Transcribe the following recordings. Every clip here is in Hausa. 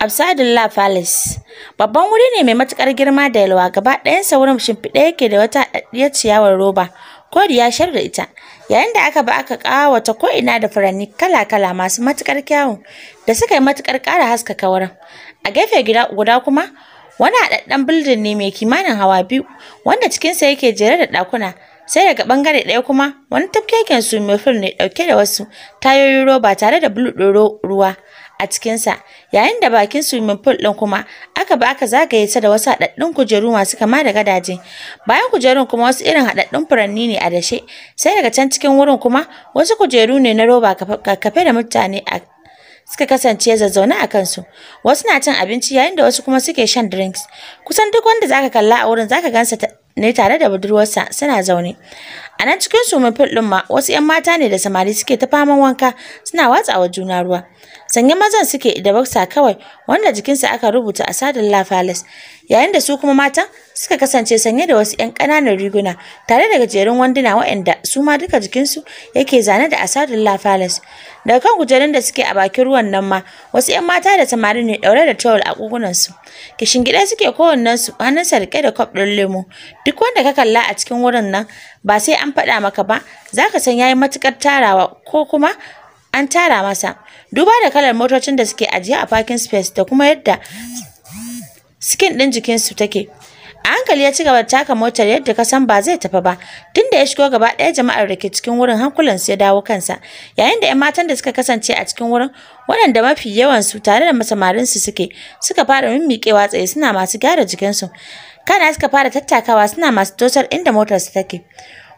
Absadullah Palace babban wuri ne mai matukar girma da yalwa gaba ɗayansa wurin shimfiɗe yake da wata haɗaɗɗiyar ciyawar roba kodiya shar da ita yayin da aka ba aka ko ina da furanni kala-kala masu matukar kyawun da suka yi matukar ƙara haska wurin a gefe gida guda kuma wani haɗaɗɗen bildin ne mai kimanin hawa biyu wanda cikin sa yake jere da ɗakuna sai daga bangare ɗaya kuma wani tafkeken su mai ne ɗauke da wasu tayoyin roba tare da bulu ɗin ruwa a cikinsa yayin da bakin swimming pool ɗin kuma aka ba aka zagaye ta da wasu haɗaɗɗun kujeru masu kama da gadaje bayan kujerun kuma wasu irin haɗaɗɗun furanni ne a dashe sai daga can cikin wurin kuma wasu kujeru ne na roba kafe da mutane a suka kasance zazzaune a kansu wasu na cin abinci yayin da wasu kuma suke shan drinks kusan duk wanda zaka kalla a wurin zaka gansa ne tare da budurwarsa suna zaune A nan cikin sumin fil ɗin ma wasu 'yan mata ne da samari suke ta faman wanka suna watsawa juna ruwa. Sanye mazan suke da baksa kawai wanda jikinsu aka rubuta a sadin La Palace. Yayin da su kuma matan suka kasance sanye da wasu 'yan ƙananan riguna tare da gajerun wanduna waɗanda su ma duka jikinsu yake zane da asadar La Palace. Daga kan kujerun da suke a bakin ruwan nan ma wasu 'yan mata da samari ne ɗaure da towel a ƙugunansu. kishingiɗe suke hannun sa rike da kwaf ɗin lemo duk wanda ka kalla a cikin wurin nan ba sai an faɗa maka ba za ka san yayi matukar tarawa ko kuma an tara masa duba da kalar motocin da suke ajiye a parking space da kuma yadda skin ɗin jikinsu take A hankali ya ci gaba taka motar yadda ka san ba zai tafi ba. Tunda ya shigo gaba ɗaya jama'ar da ke cikin wurin hankulan su ya dawo kansa. Yayin da 'yan matan da suka kasance a cikin wurin waɗanda mafi yawan su tare da masamarin su suke suka fara mimmiƙewa tsaye suna masu gyara jikinsu. Kana suka fara tattakawa suna masu tosar inda motar su take.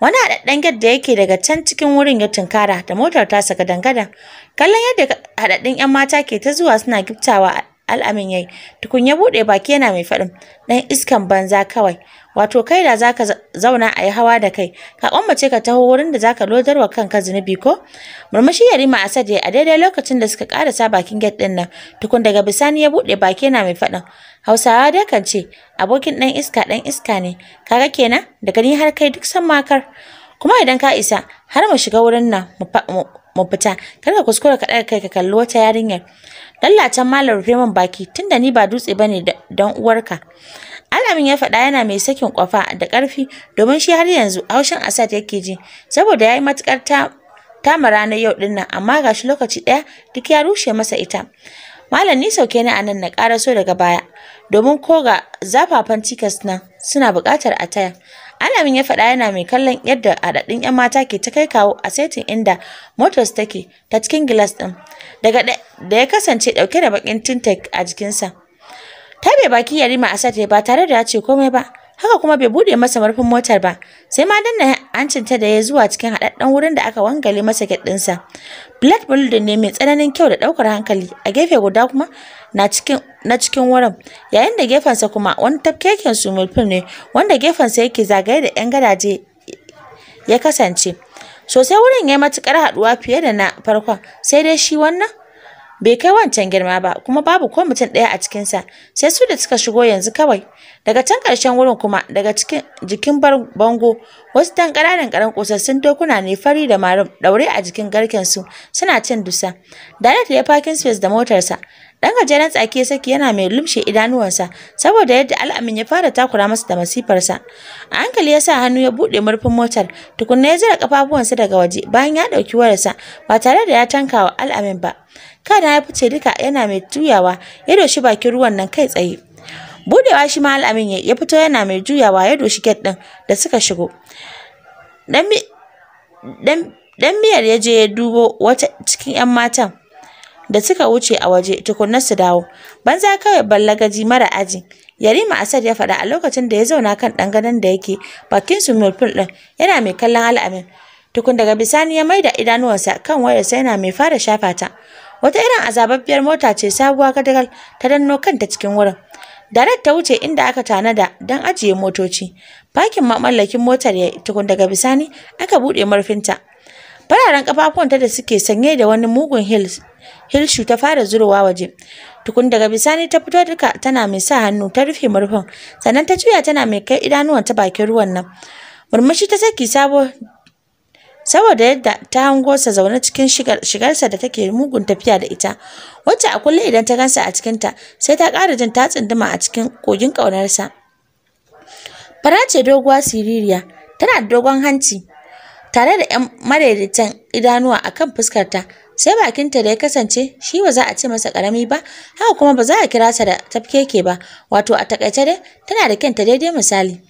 wani haɗaɗɗen yadda da yake daga can cikin wurin ya tunkara da motar ta saka dangada kallon yadda haɗaɗɗun 'yan mata ke ta zuwa suna giftawa al'amin yayi tukun ya bude baki yana mai fadin. Dan iskan banza kawai wato kai da zaka zauna a yi hawa da kai ka kwambace ka taho wurin da zaka lodarwa kanka zinubi, ko murmushi yarima asad ya a daidai lokacin da suka karasa bakin gate din nan tukun daga bisani ya bude baki yana mai fadin. hausawa dai kan ce abokin dan iska dan iska ne kaga kenan daga ni har kai duk san makar kuma idan ka isa har mu shiga wurin nan mu fita kar ka kuskura ka daga kai ka kalli wata yarinyar lallacen malam rufe min baki tunda ni ba dutse ba ne don uwarka. Alamin ya faɗa yana mai sakin kwafa da ƙarfi domin shi har yanzu haushin Asad yake ji saboda ya yi matuƙar tama ranar yau ɗin nan amma gashi lokaci ɗaya duk ya rushe masa ita. Malam ni sauke ni a nan na ƙaraso daga baya domin ko ga zafafan cikas nan suna buƙatar a taya. Alamin ya faɗa yana mai kallon yadda haɗaɗɗun 'yan mata ke ta kai kawo a saitin inda motarsu take ta cikin gilas ɗin. Daga da ya kasance ɗauke da baƙin tintek a jikinsa. Ta bai baki Yarima a Asad ba tare da ya ce komai ba. haka kuma bai buɗe masa murfin motar ba sai ma danna hancinta da ya zuwa cikin haɗaɗɗen wurin da aka wangale masa gate sa black ne mai tsananin kyau da ɗaukar hankali a gefe guda kuma na cikin na cikin wurin yayin da gefensa kuma wani tafkeken sumul ne wanda gefensa yake zagaye da 'yan gadaje ya kasance sosai wurin ya yi matuƙar haɗuwa fiye da na farkon sai dai shi wannan bai kai wancan girma ba kuma babu ko mutum ɗaya a cikinsa sai su da suka shigo yanzu kawai daga can ƙarshen wurin kuma daga cikin jikin bango wasu dan ƙananan karan kosassun dokuna ne fari da marum ɗaure a jikin garkensu suna cin dusa direct ya parking space da motarsa Dan gajeren tsaki ya saki yana mai lumshe idanuwansa saboda yadda al'amin ya fara takura masa da masifarsa. A hankali ya sa hannu ya buɗe murfin motar, tukunna ya zira kafafuwansa daga waje bayan ya ɗauki wayarsa ba tare da ya tanka wa al'amin ba. Kana ya fice duka yana mai tuyawa, ya doshi bakin ruwan nan kai tsaye. Buɗewa shi ma al'amin ya fito yana mai juyawa ya doshi gate ɗin da suka shigo. Dan miyar ya je ya dubo wata cikin 'yan matan da suka wuce a waje tukunna su dawo. Banza kawai ballagaji mara aji. Yarima Asad ya faɗa a lokacin da ya zauna kan ɗan gadan da yake bakin su ɗin yana mai kallon al'amin. Tukun daga bisani ya maida idanuwansa kan sai yana mai fara shafa ta. Wata irin azababbiyar mota ce sabuwa gadagal ta danno kanta cikin wurin. Daret ta wuce inda aka tanada don ajiye motoci. Fakin mamallakin motar ya tukun daga bisani aka buɗe murfinta. fararen kafafuwanta da suke sanye da wani mugun heels hilshu ta fara zurowa waje tukun daga bisani ta fito duka tana mai sa hannu ta rufe murfin sannan ta juya tana mai kai idanuwan ta bakin ruwan nan murmushi ta saki sabo saboda yadda ta hango sa zaune cikin shigarsa da take mugun tafiya da ita wacce a kullum idan ta gansa a cikin ta sai ta ƙara jin ta tsinduma a cikin kogin ƙaunarsa fara ce doguwa siririya tana da dogon hanci tare da ‘yan madaidaitan idanuwa a kan fuskarta, sai bakinta da ya kasance shi ba za a ce masa ƙarami ba, haka kuma ba za a kira sa da tafkeke ba, wato a taƙaice dai tana da kyanta daidai misali.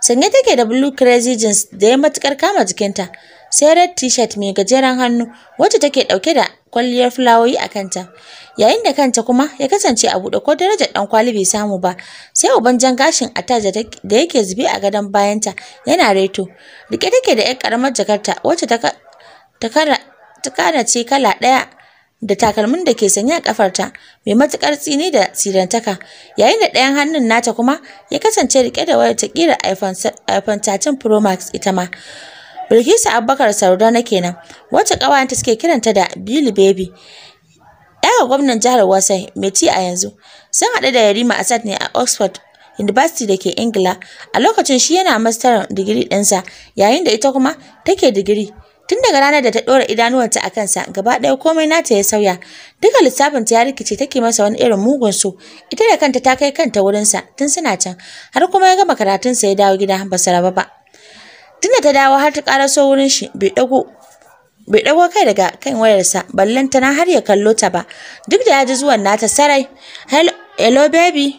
sanye take da blue crazy jeans da ya matukar kama jikinta sai red t-shirt mai gajeren hannu wacce take dauke da kwalliyar fulawoyi a kanta yayin da kanta kuma ya kasance a bude ko daraja dan kwali bai samu ba sai uban jan gashin attaja da yake zube a gadon bayanta yana reto rike take da yar karamar jakarta wacce ta ta kara ce kala daya da takalmin da ke sanya a kafarta mai matukar tsini da sirantaka yayin da ɗayan hannun nata kuma ya kasance rike da wayar ta kira iPhone 13 Pro Max ita ma Bilkisu Abubakar sardana kenan wacce ƙawayenta suke kiranta da Billy Baby ɗaya gwamnan jihar Wasai mai ci a yanzu sun haɗu da Yarima Asad ne a Oxford University da ke Ingila a lokacin shi yana mastaran digiri ɗinsa yayin da ita kuma take digiri Tun daga ranar da ta ɗora idanuwanta a kansa, gaba ɗaya komai nata ya sauya. Duka lissafinta ya rikice take masa wani irin mugun so. Ita da kanta ta kai kanta wurinsa tun suna can, har kuma ya gama karatun sa ya dawo gida ba su raba ba. Tunda ta dawo har ta so wurin shi, bai ɗago bai ɗago kai daga kan wayarsa ballan tana har ya kallo ta ba duk da ya ji zuwan nata sarai hello baby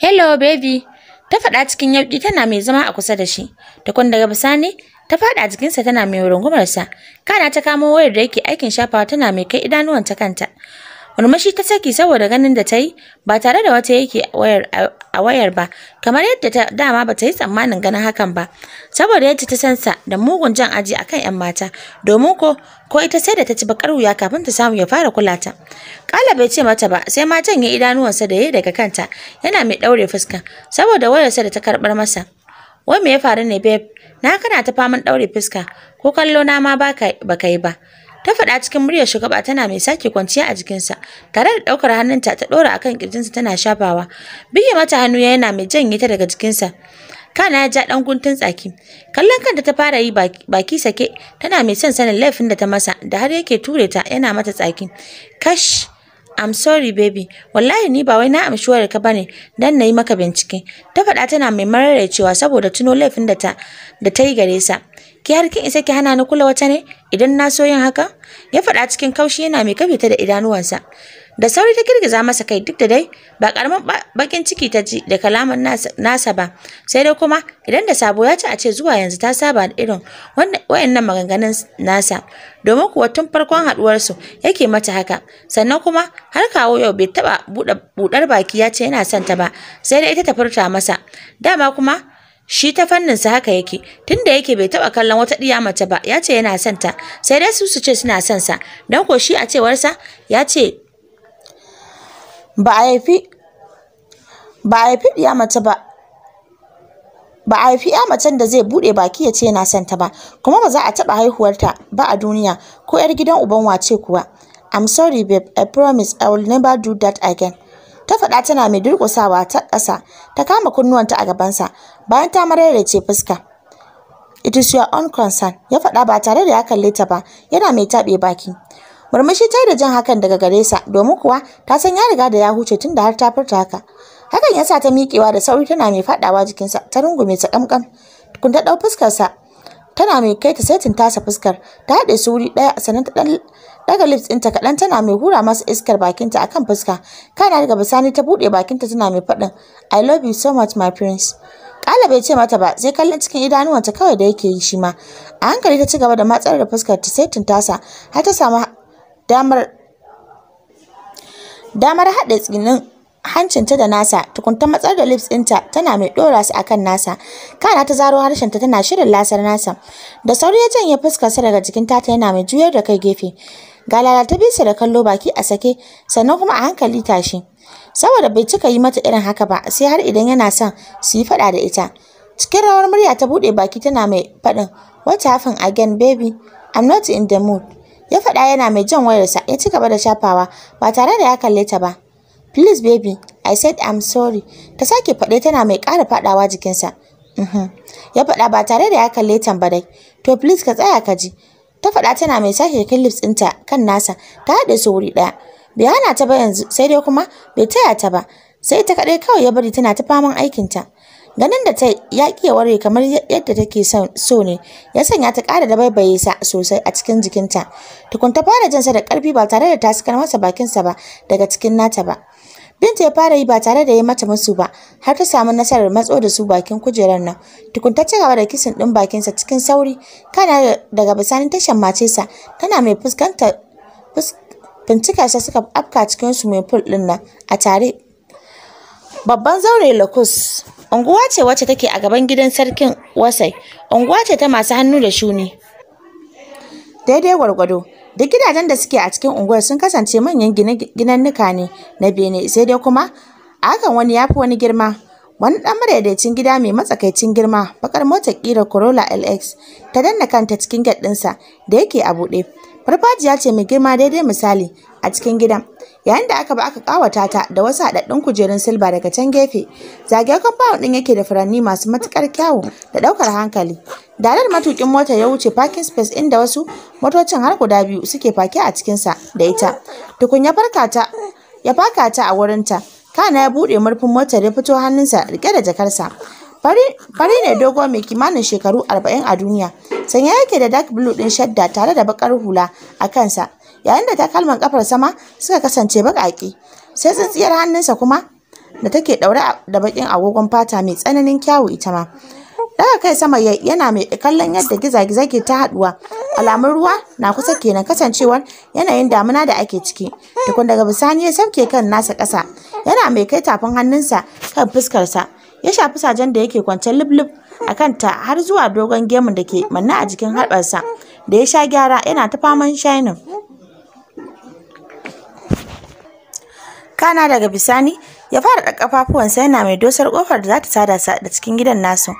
hello baby ta faɗa cikin yauƙi tana mai zama a kusa da shi tukun daga bisani ta faɗa jikinsa tana mai rungumarsa kana ta kamo wayar da yake aikin shafawa tana mai kai idanuwanta kanta murmushi ta saki saboda ganin da ta yi ba tare da wata yake wayar a wayar ba kamar yadda ta dama ba ta yi tsammanin ganin hakan ba saboda yadda ta sansa da mugun jan aji akan yan mata domin ko ko ita sai da ta ci bakar wuya kafin ta samu ya fara kula ta kala bai ce mata ba sai ma janye idanuwansa da yayi daga kanta yana mai daure fuska saboda wayarsa da ta karbar masa wai me ya faru ne babe na kana ta faman daure fuska ko kallo na ma baka baka yi ba ta faɗa cikin muryar shugaba tana mai sake kwanciya a jikinsa tare da ɗaukar hannunta ta ɗora akan kirjinsa tana shafawa biye mata hannu yana mai janye ta daga jikinsa kana ya ja ɗan guntun tsaki kallon kanta ta fara yi baki sake tana mai son sanin laifin da ta masa da har yake ture ta yana mata tsaki kash I'm sorry baby, wallahi ni ba wai na amshi wayar ka bane dan nayi maka bincike. Ta faɗa tana mai cewa saboda tuno laifin da ta da ta yi gare sa. ki har kin isa ki hana ni kula wata ne idan na so yin haka ya faɗa cikin kaushi yana mai kafe ta da idanuwansa da sauri ta girgiza masa kai duk da dai ba karamin bakin ciki ta ji da kalaman nasa ba sai dai kuma idan da sabo ya ci a ce zuwa yanzu ta saba da irin wayannan maganganun nasa domin kuwa tun farkon haduwarsu yake mata haka sannan kuma har kawo yau bai taba budar baki ya ce yana son ta ba sai dai ita ta furta masa dama kuma shi ta fannin sa haka yake tunda yake bai taba kallon wata diya mace ba yace ce yana son ta sai dai su su ce suna son sa dan ko shi a cewar sa ya ba a haifi ba a diya mace ba ba a haifi ya da zai bude baki ya ce yana son ta ba kuma ba za a taba haihuwarta ba a duniya ko yar gidan uban wace kuwa I'm sorry babe I promise I will never do that again ta faɗa tana mai durƙusawa ta ƙasa ta kama kunnuwanta a gabansa bayan ta mararece fuska it is your own concern ya faɗa ba tare da ya kalle ta ba yana mai taɓe baki murmushi ta yi da jan hakan daga gare sa domin kuwa ta san ya riga da ya huce tun da har ta furta haka hakan ya sa ta miƙewa da sauri tana mai faɗawa jikinsa ta rungume ta ƙamƙam kun ta ɗau fuskarsa tana mai kai ta setin tasa fuskar ta haɗe su wuri ɗaya sannan ta ɗan daga lips ɗinta kaɗan tana mai hura masa iskar bakinta akan fuska kana daga bisani ta buɗe bakinta tana mai faɗin I love you so much my prince Kala bai ce mata ba sai kallon cikin idanuwanta kawai da yake yi shi ma a hankali ta ci gaba da matsar da fuskar ta setin tasa har ta samu damar damar haɗe tsinin hancinta da nasa tukunta matsar da lips ɗinta tana mai ɗora su akan nasa kana ta zaro ta, tana shirin lasar nasa da sauri ya janye sa daga jikin tata yana mai juyar da kai gefe ga lalata bisa da kallo baki a sake sannan kuma a hankali tashi saboda bai cika yi mata irin haka ba sai har idan yana son su yi faɗa da ita cikin rawar murya ta buɗe baki tana mai faɗin what happened again baby i'm not in the mood ya faɗa yana mai jan wayarsa ya ci gaba da shafawa ba tare da ya kalle ta ba Please baby, I said I'm sorry. Ta sake faɗe tana mai ƙara faɗawa jikinsa. Mm-hmm. Ya faɗa ba tare da ya kalle dai. To please ka tsaya ka ji. Ta faɗa tana mai sake kan lips ɗinta kan nasa. Ta haɗe su wuri ɗaya. Bai hana ta ba yanzu sai dai kuma bai taya ta ba. Sai ta kaɗai kawai ya bari tana ta faman aikinta. ganin da ta yaƙi ware kamar yadda take so ne ya sanya ta ƙara da baibaye sa sosai a cikin jikinta tukun ta fara jinsa da ƙarfi ba tare da ta sakar masa bakinsa ba daga cikin nata ba Binta ya fara yi ba tare da ya mata musu ba, har ta samu nasarar matso da su bakin kujerar nan. Tukun ta ci gaba da kisin ɗin bakinsa cikin sauri, kana daga bisanin ta shammace sa, tana mai fuskanta bincika sa suka afka cikin su mai ful ɗin nan a tare. Babban zaure lokus Unguwa ce wacce take a gaban gidan sarkin Wasai, unguwa ce ta masu hannu da shuni. Daidai gwargwado, duk gidajen da suke a cikin unguwar sun kasance manyan ginannuka ne na bene sai dai kuma a hakan wani ya fi wani girma. Wani ɗan madaidaicin gida mai matsakaicin girma, bakar motar kira Corolla LX ta danna kanta cikin gate da yake a buɗe. farfajiya ce mai girma daidai misali a cikin gidan yayin da aka ba aka kawata ta da wasu haɗaɗɗun kujerun silba daga can gefe zagayen compound ɗin yake da furanni masu matukar kyawu da ɗaukar hankali dalar matukin mota ya wuce parking space inda wasu motocin har guda biyu suke fake a cikinsa da ita tukun ya farka ta ya faka ta a wurinta kana ya buɗe murfin motar ya fito hannunsa rike da jakarsa fari ne dogo mai kimanin shekaru 40 a duniya Sanya yake da dark blue din shadda tare da bakar hula a kansa yayin da takalman kafar sama suka kasance baƙaƙe sai tsintsiyar hannunsa kuma da take daure da bakin agogon fata mai tsananin kyawu ita ma daga kai sama yana mai kallon yadda gizagiza ke ta haduwa alamun ruwa na kusa kenan kasancewar yanayin damuna da ake ciki tukun daga bisani ya sauke kan nasa ƙasa yana mai kai tafin hannunsa kan fuskarsa ya shafi sajen da yake kwance lublub a kanta har zuwa dogon gemun da ke manne a jikin harbarsa da ya sha gyara yana ta faman shainin kana daga bisani ya fara da kafafuwansa yana mai dosar kofar da za ta sada sa da cikin gidan nasu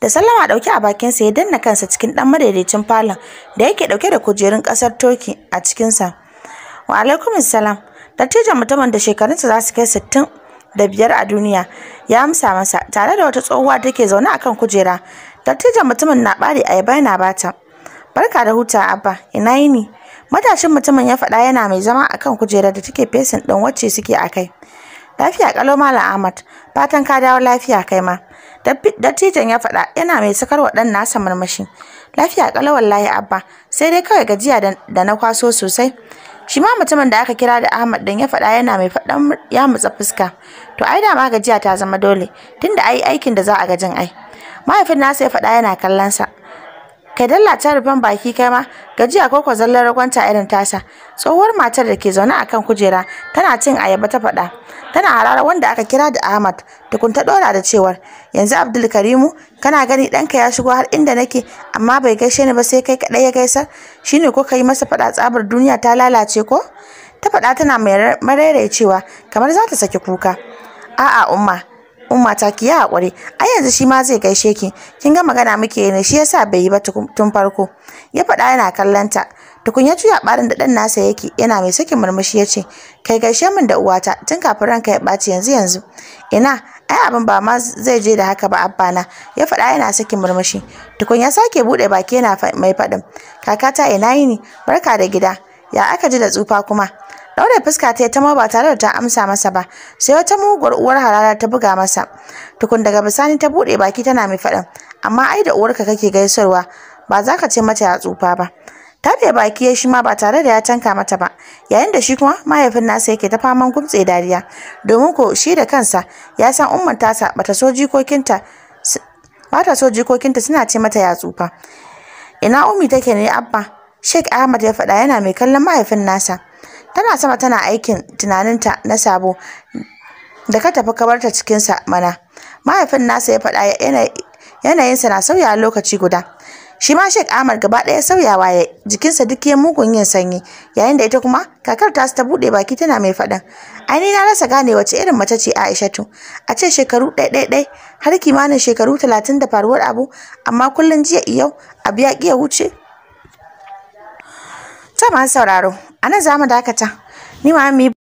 da sallama dauke a bakinsa ya danna kansa cikin dan madaidaicin falon da yake dauke da kujerun kasar toki a cikinsa wa alaikum salam dattijan mutumin da shekarunsa za su kai 60. da biyar a duniya ya amsa masa tare da wata tsohuwa take zaune akan kujera dattijan mutumin na bare ayaba yana bata barka da huta abba ina yini matashin mutumin ya faɗa yana mai zama akan kujera da take fesin ɗin wacce suke a kai lafiya kalo malam ahmad fatan ka dawo lafiya kai ma dattijan ya faɗa yana mai sakar wa ɗan nasa murmushi lafiya kalo wallahi abba sai dai kawai gajiya da na kwaso sosai shi ma mutumin da aka kira da Ahmad dan ya faɗa yana mai faɗan ya mutsa fuska to ai da ma gajiya ta zama dole tunda ai aikin da za a gajin ai mahaifin nasa ya faɗa yana kallon sa kai dalla ta rufen baki kai ma gajiya ko ko zallar ragwanta irin tasa tsohuwar matar da ke zaune akan kujera tana cin ayaba ta faɗa tana harara wanda aka kira da Ahmad tukun ta dora da cewar yanzu Abdul Karimu kana gani ɗanka ya shigo har inda nake amma bai gaishe ni ba sai kai kaɗai ya gaisar shine ko kai masa faɗa tsabar duniya ta lalace ko ta faɗa tana mai cewa kamar za ta saki kuka a'a umma umma ta ki ya hakuri ai yanzu shi ma zai gaishe ki kin ga magana muke ne shi yasa bai yi ba tun farko ya faɗa yana kallanta tukun ya juya barin da dan nasa yake yana mai sakin murmushi ya ce kai gaishe min da uwata tun kafin ranka ya ɓaci yanzu yanzu ina ai abin ba ma zai je da haka ba abba na ya faɗa yana sakin murmushi Tukunya sake buɗe baki yana mai faɗin kakata ina yini barka da gida ya aka ji da tsufa kuma Daure fuska ta ta ma ba tare da ta amsa masa ba, sai wata muguwar uwar halala ta buga masa. Tukun daga bisani ta bude baki tana mai fadin. amma ai da uwarka kake gaisarwa, ba za ka ce mata ya tsufa ba. Tafe baki ya shi ma ba tare da ya tanka mata ba, yayin da shi kuma mahaifin nasa yake ta faman gumtse dariya, domin ko shi da kansa ya san umman tasa bata so jikokinta ba ta so jikokinta suna ce mata ya tsufa. Ina umi take ne abba? Sheikh Ahmad ya faɗa yana mai kallon mahaifin nasa. tana sama tana aikin tunaninta na sabo da ka tafi kabarta cikinsa mana mahaifin nasa ya faɗa yanayinsa na sauya lokaci guda shi ma Sheikh Amar gaba ɗaya sauyawa ya jikinsa duk ya mugun yin sanyi yayin da ita kuma kakar ta ta buɗe baki tana mai faɗan aini na rasa gane wace irin mace ce tu. a ce shekaru ɗaiɗaiɗai har kimanin shekaru talatin da faruwar abu amma kullum jiya iyau abu ya ƙi ya wuce ta sauraro a nan za mu dakata ni ma mi